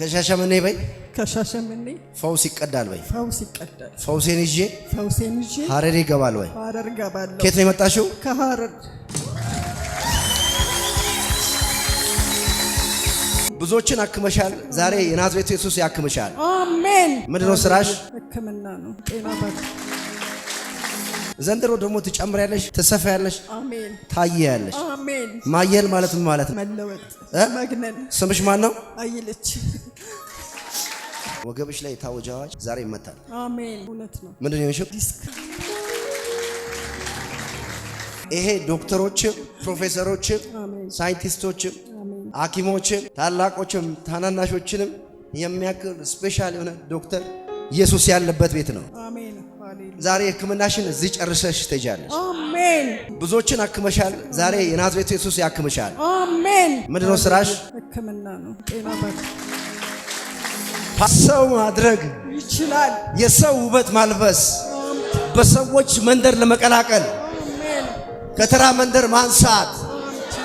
ከሻሸመኔ በይ ከሻሸመኔ ፈውስ ይቀዳል በይ ፈውስ ይቀዳል። ፈውሴን ይዤ ፈውሴን ይዤ ሀረር ይገባል በይ ሀረር ይገባል። ከየት ነው የመጣሽው? ከሀረር። ብዙዎችን አክመሻል። ዛሬ የናዝሬቱ ኢየሱስ ያክመሻል። አሜን። ነው ስራሽ? ህክምና ነው። ጤና ባክ ዘንድሮ ደግሞ ትጨምሪያለሽ፣ ትሰፋያለሽ፣ ታየያለሽ። ማየል ማለት ምን ማለት ነው? መግነን። ስምሽ ማን ነው? አይልች ወገብሽ ላይ የታወጀ አዋጅ ዛሬ ይመታል። አሜን። ነው። ምንድን ነው ዲስክ? ይሄ ዶክተሮችም ፕሮፌሰሮችም ሳይንቲስቶችም ሐኪሞችም ታላቆችም ታናናሾችንም የሚያክል ስፔሻል የሆነ ዶክተር ኢየሱስ ያለበት ቤት ነው። ዛሬ ሕክምናሽን እዚህ ጨርሰሽ ትሄጃለሽ። አሜን። ብዙዎችን አክመሻል። ዛሬ የናዝሬቱ ኢየሱስ ያክምሻል። አሜን። ምንድን ነው ስራሽ? ሕክምና ነው። ጤና ሰው ማድረግ ይችላል። የሰው ውበት ማልበስ፣ በሰዎች መንደር ለመቀላቀል ከተራ መንደር ማንሳት፣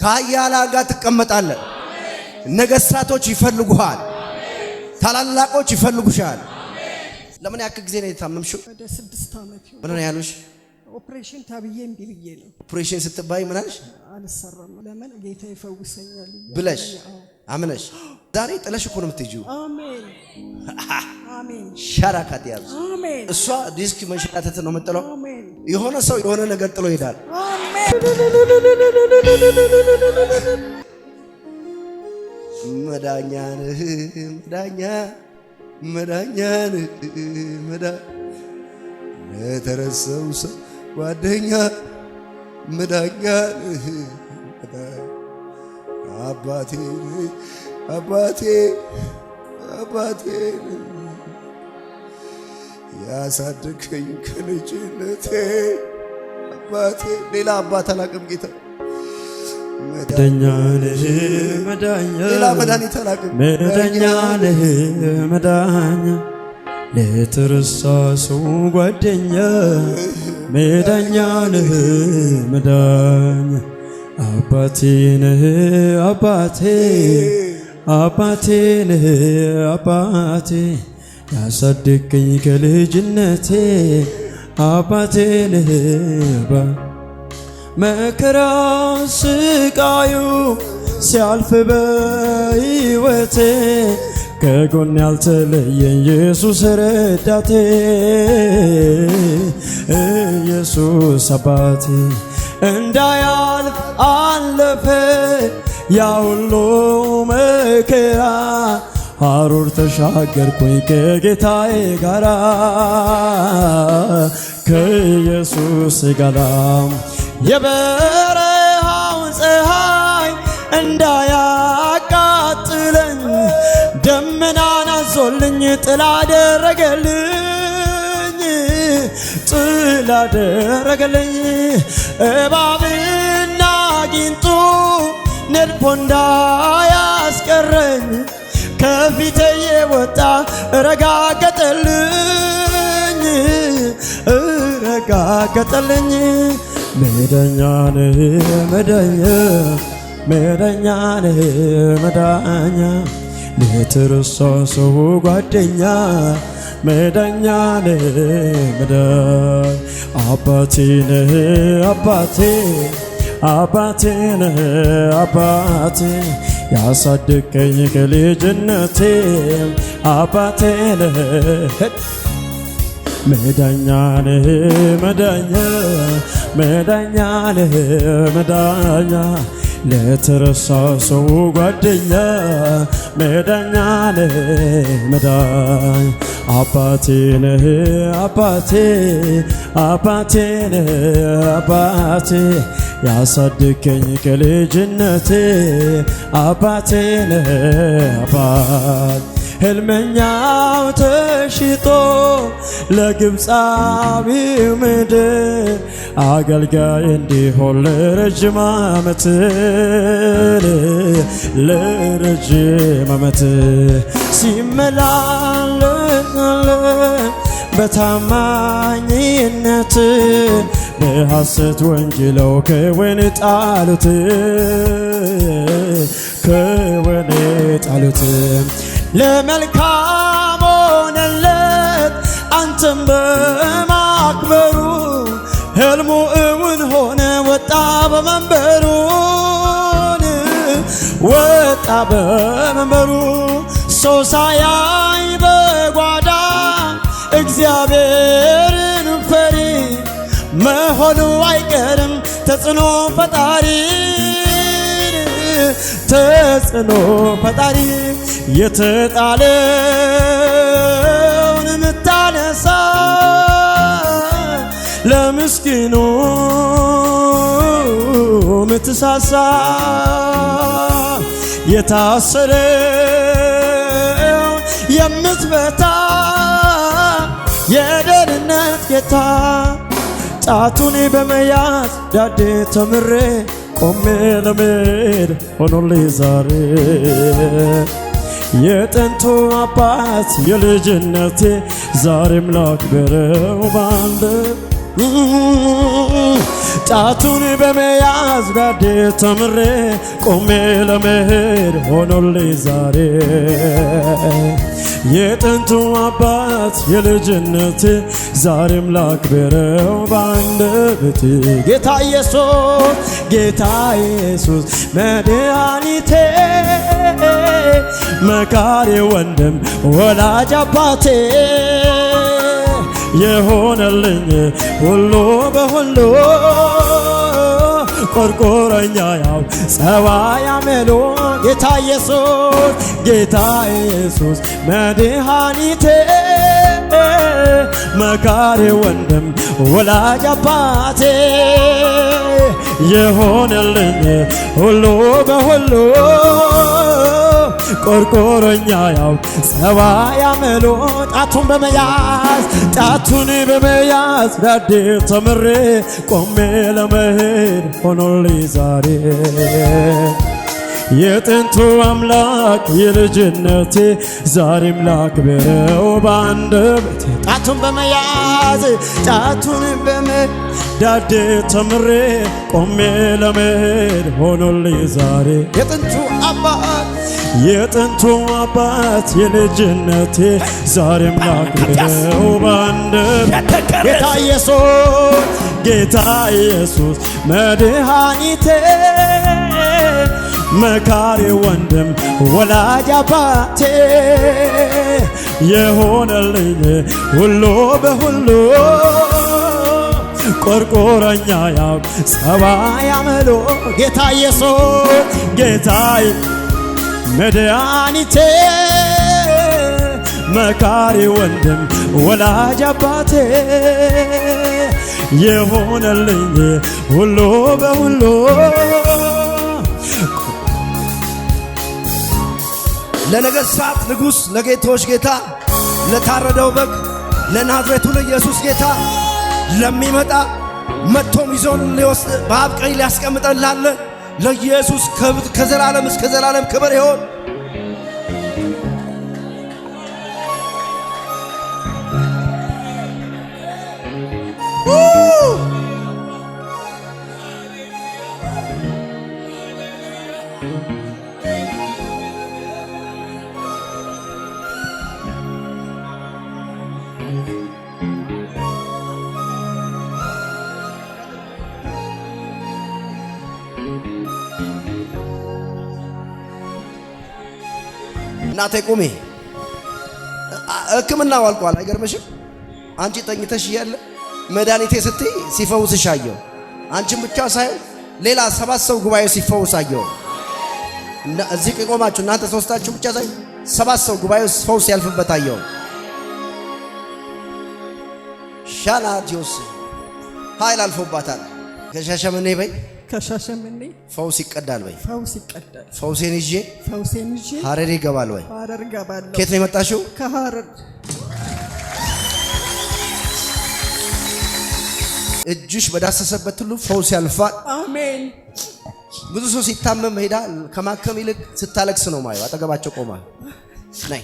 ከኃያላን ጋር ትቀመጣለን። ነገስታቶች ይፈልጉሃል። ታላላቆች ይፈልጉሻል። ለምን ያክል ጊዜ ነው የታመምሽው? ወደ ስድስት ዓመት ይሆናል። ምን ነው ያሉሽ? ኦፕሬሽን ታብዬ እምቢ ብዬ ነው። ኦፕሬሽን ስትባይ ምን አልሽ? አልሰራም ለምን ጌታ ይፈውሰኛል ብለሽ አምነሽ ዛሬ ጥለሽ እኮ ነው የምትሄጂው። አሜን አሜን። ሸራካት ያዙ። አሜን። እሷ ዲስክ መንሸራተት ነው የምጥለው። አሜን። የሆነ ሰው የሆነ ነገር ጥሎ ይሄዳል። አሜን። መዳኛ ነህ መዳኛ መዳኛን መዳ የተረሰው ሰው ጓደኛ መዳኛን አባቴ አባቴ አባቴ ያሳደገኝ ከልጅነቴ አባቴ ሌላ አባት አላቅም ጌታ መዳኛ ነህ መዳኛ ሌላ ሰው ጓደኛ መዳኛ ነህ መዳኛ አባቴ ነህ አባቴ አባቴ ነህ አባቴ ያሳደገኝ ከልጅነቴ አባቴ ነህ መከራ ስቃዩ ሲያልፍ በሕይወቴ ከጎን ያልተለየኝ ኢየሱስ ረዳቴ ኢየሱስ አባቴ እንዳያልፍ አለፈ ያ ሁሉ መከራ ሐሩር ተሻገርኩኝ ከጌታዬ ጋራ ከኢየሱስ ጋራ የበረሃው ፀሐይ እንዳያቃጥለን ደመናን አዞልኝ ጥላ አደረገልኝ ጥላ አደረገልኝ እባብና ጊንጡ ነድፎ እንዳያስቀረኝ ከፊቴ የወጣ እረጋገጠልኝ እረጋገጠልኝ መዳኛ ነህ መዳኛ መዳኛ ነህ መዳኛ ለተረሳ ሰው ጓደኛ መዳኛ ነህ መዳኝ አባቴ ነህ አባቴ አባቴ ነህ አባቴ ያሳደገኝ ከልጅነቴ አባቴ ነህ መዳኛ ነህ መዳኛ መዳኛ ነህ መዳኛ ለተረሳ ሰው ጓደኛ መዳኛ ነህ መዳኝ አባቴ ነህ አባቴ አባቴ ነህ አባቴ ያሳደገኝ ከልጅነቴ አባቴ ነህ አባት ህልመኛው ተሽጦ ለግብፃዊ ምድር አገልጋይ እንዲሆን ለረጅም ዓመት ለረጅም ዓመት ሲመላለስ በታማኝነት በሐሰት ወንጅለው ከወህኒ ጣሉት ከወህኒ ጣሉት ለመልካም ሆነለት አንተም መንበሩን ወጣ በመንበሩ ሰው ሳያይ በጓዳ እግዚአብሔርን ፈሪ መሆኑ አይቀርም ተጽዕኖ ፈጣሪ ተጽዕኖ ፈጣሪ የተጣለውን ምታነሳ ለምስኪኑ ምትሳሳ የታሰረ የምትበታ የደህንነት ጌታ ጣቱን በመያዝ ዳዴ ተምሬ ቆሜ ለመሄድ ሆኖልኝ ዛሬ የጥንቱ አባት የልጅነቴ ዛሬም ላክብረው ባንድ ጣቱን በመያዝ ጋዴ ተምሬ ቆሜ ለመሄድ ሆኖልኝ ዛሬ የጥንቱ አባት የልጅነት ዛሬም ላክብረው በአንደበቴ ጌታ ኢየሱስ ጌታ ኢየሱስ መድኃኒቴ መካሪ ወንድም ወላጅ አባቴ የሆነልኝ ሁሉ በሁሉ ቆርቆረኛ ያው ጸባያ ያመሎ ጌታ ኢየሱስ ጌታ ኢየሱስ መድኃኒቴ መካሪ ወንድም ወላጅ አባቴ የሆነልኝ ሁሉ በሁሉ ቆርቆሮኛ ያው ሰባ ያመሎ ጣቱን በመያዝ ጣቱን በመያዝ ዳዴ ተምሬ ቆሜ ለመሄድ ሆኖልኝ ዛሬ የጥንቱ አምላክ የልጅነቴ ዛሬም ላክብረው በአንደበቴ ጣቱን በመያዝ ጣቱን በመ ዳዴ ተምሬ ቆሜ ለመሄድ ሆኖልኝ ዛሬ የጥንቱ አባት የጥንቱ አባት የልጅነቴ ዛሬም ላክብረው በአንደበቴ ጌታ ኢየሱስ ጌታ ኢየሱስ መድኃኒቴ መካሪ ወንድም ወላጅ አባቴ የሆነልኝ ሁሉ በሁሉ ቆርቆረኛ ያው ጸባይ አመሎ ጌታ ኢየሱስ ጌታይ መድኃኒቴ መካሪ ወንድም ወላጅ አባቴ የሆነልኝ ሁሉ በሁሉ ለነገሥታት ንጉሥ፣ ለጌቶች ጌታ፣ ለታረደው በግ፣ ለናዝሬቱ ለኢየሱስ ጌታ ለሚመጣ መጥቶም ይዞን ሊወስድ በአብ ቀኝ ሊያስቀምጠን ላለ ለኢየሱስ ከዘላለም እስከ ዘላለም ክብር ይሆን። እናቴ ቁሚ። ሕክምና ዋልቋል። አይገርምሽም? አንቺ ተኝተሽ እያለ መድኃኒቴ ስትይ ሲፈውስሽ አየሁ። አንቺም ብቻ ሳይሆን ሌላ ሰባት ሰው ጉባኤ ሲፈውስ አየሁ። እዚህ ቆማችሁ እናንተ ሶስታችሁ ብቻ ሳይ ሰባት ሰው ጉባኤ ፈውስ ያልፍበት አየሁ። ሻላ ዲዮስ ኃይል አልፎባታል። ከሻሸመኔ በይ ከሻሸመኔ ፈውስ ይቀዳል ወይ? ፈውስ ይቀዳል። ፈውሴን ይዤ ፈውሴን ይዤ ሀረር ይገባል ወይ? ሀረር ይገባል። ከየት ነው የመጣሽው? ከሀረር። እጅሽ በዳሰሰበት ሁሉ ፈውስ ያልፋል። አሜን። ብዙ ሰው ሲታመም ሄዳ ከማከም ይልቅ ስታለቅስ ነው ማየው። አጠገባቸው ቆማ ነይ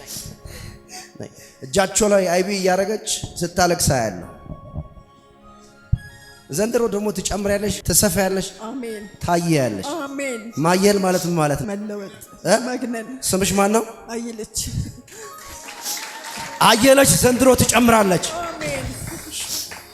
እጃቸው ላይ አይቢ እያደረገች ስታለቅስ ያለው ዘንድሮ ደግሞ ትጨምሪያለሽ፣ ትሰፋያለሽ፣ ታየያለሽ። ማየል ማለት ምን ማለት ነው? ስምሽ ማን ነው? አየለች። ዘንድሮ ትጨምራለች።